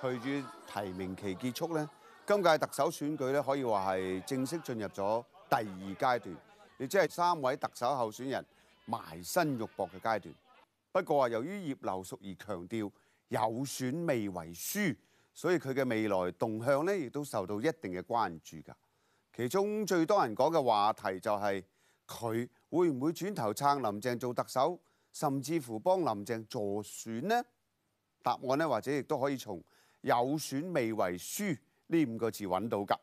隨住提名期結束咧，今屆特首選舉咧可以話係正式進入咗第二階段，亦即係三位特首候選人埋身肉搏嘅階段。不過啊，由於葉劉淑儀強調有選未為輸，所以佢嘅未來動向咧亦都受到一定嘅關注㗎。其中最多人講嘅話題就係佢會唔會轉頭撐林鄭做特首，甚至乎幫林鄭助選呢？答案咧，或者亦都可以從有選未為輸呢五個字揾到㗎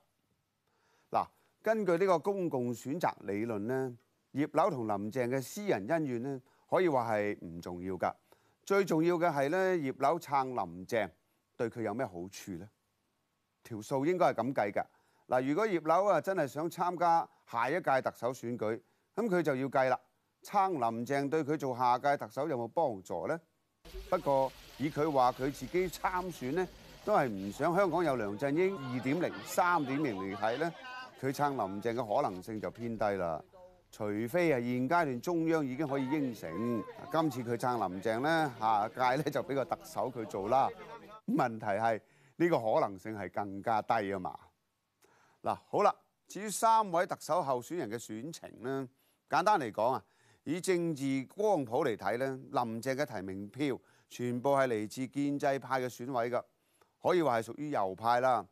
嗱。根據呢個公共選擇理論咧，葉劉同林鄭嘅私人恩怨咧，可以話係唔重要㗎。最重要嘅係咧，葉劉撐林鄭對佢有咩好處咧？條數應該係咁計㗎嗱。如果葉劉啊真係想參加下一屆特首選舉，咁佢就要計啦，撐林鄭對佢做下屆特首有冇幫助咧？不過以佢話佢自己參選咧。都係唔想香港有梁振英二點零、三點零嚟睇呢，佢撐林鄭嘅可能性就偏低啦。除非係現階段中央已經可以應承今次佢撐林鄭呢，下屆呢就俾個特首佢做啦。問題係呢個可能性係更加低啊嘛。嗱，好啦，至於三位特首候選人嘅選情呢，簡單嚟講啊，以政治光譜嚟睇呢，林鄭嘅提名票全部係嚟自建制派嘅選委㗎。可以話係屬於右派啦。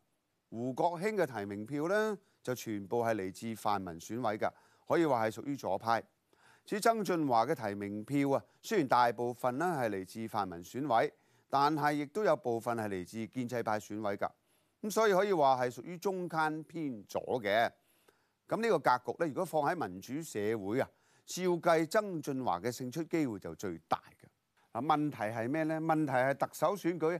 胡國興嘅提名票呢，就全部係嚟自泛民選委㗎，可以話係屬於左派。至於曾俊華嘅提名票啊，雖然大部分呢係嚟自泛民選委，但係亦都有部分係嚟自建制派選委㗎。咁所以可以話係屬於中間偏左嘅。咁呢個格局呢，如果放喺民主社會啊，照計曾俊華嘅勝出機會就最大嘅。嗱，問題係咩呢？問題係特首選舉。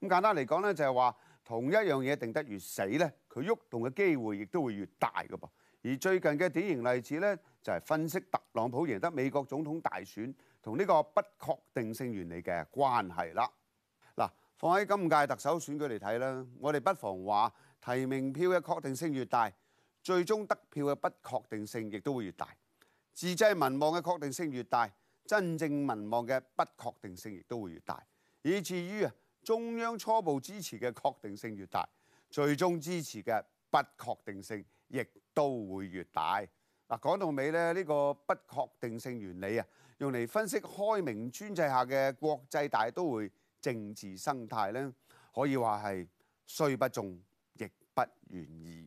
咁簡單嚟講咧，就係話同一樣嘢定得越死咧，佢喐動嘅機會亦都會越大噶噃。而最近嘅典型例子咧，就係分析特朗普贏得美國總統大選同呢個不確定性原理嘅關係啦。嗱，放喺今屆特首選舉嚟睇啦，我哋不妨話提名票嘅確定性越大，最終得票嘅不確定性亦都會越大。自製民望嘅確定性越大，真正民望嘅不確定性亦都會越大，以至於啊～中央初步支持嘅確定性越大，最終支持嘅不確定性亦都會越大。嗱，講到尾咧，呢個不確定性原理啊，用嚟分析開明專制下嘅國際大都會政治生態咧，可以話係雖不中，亦不遠矣。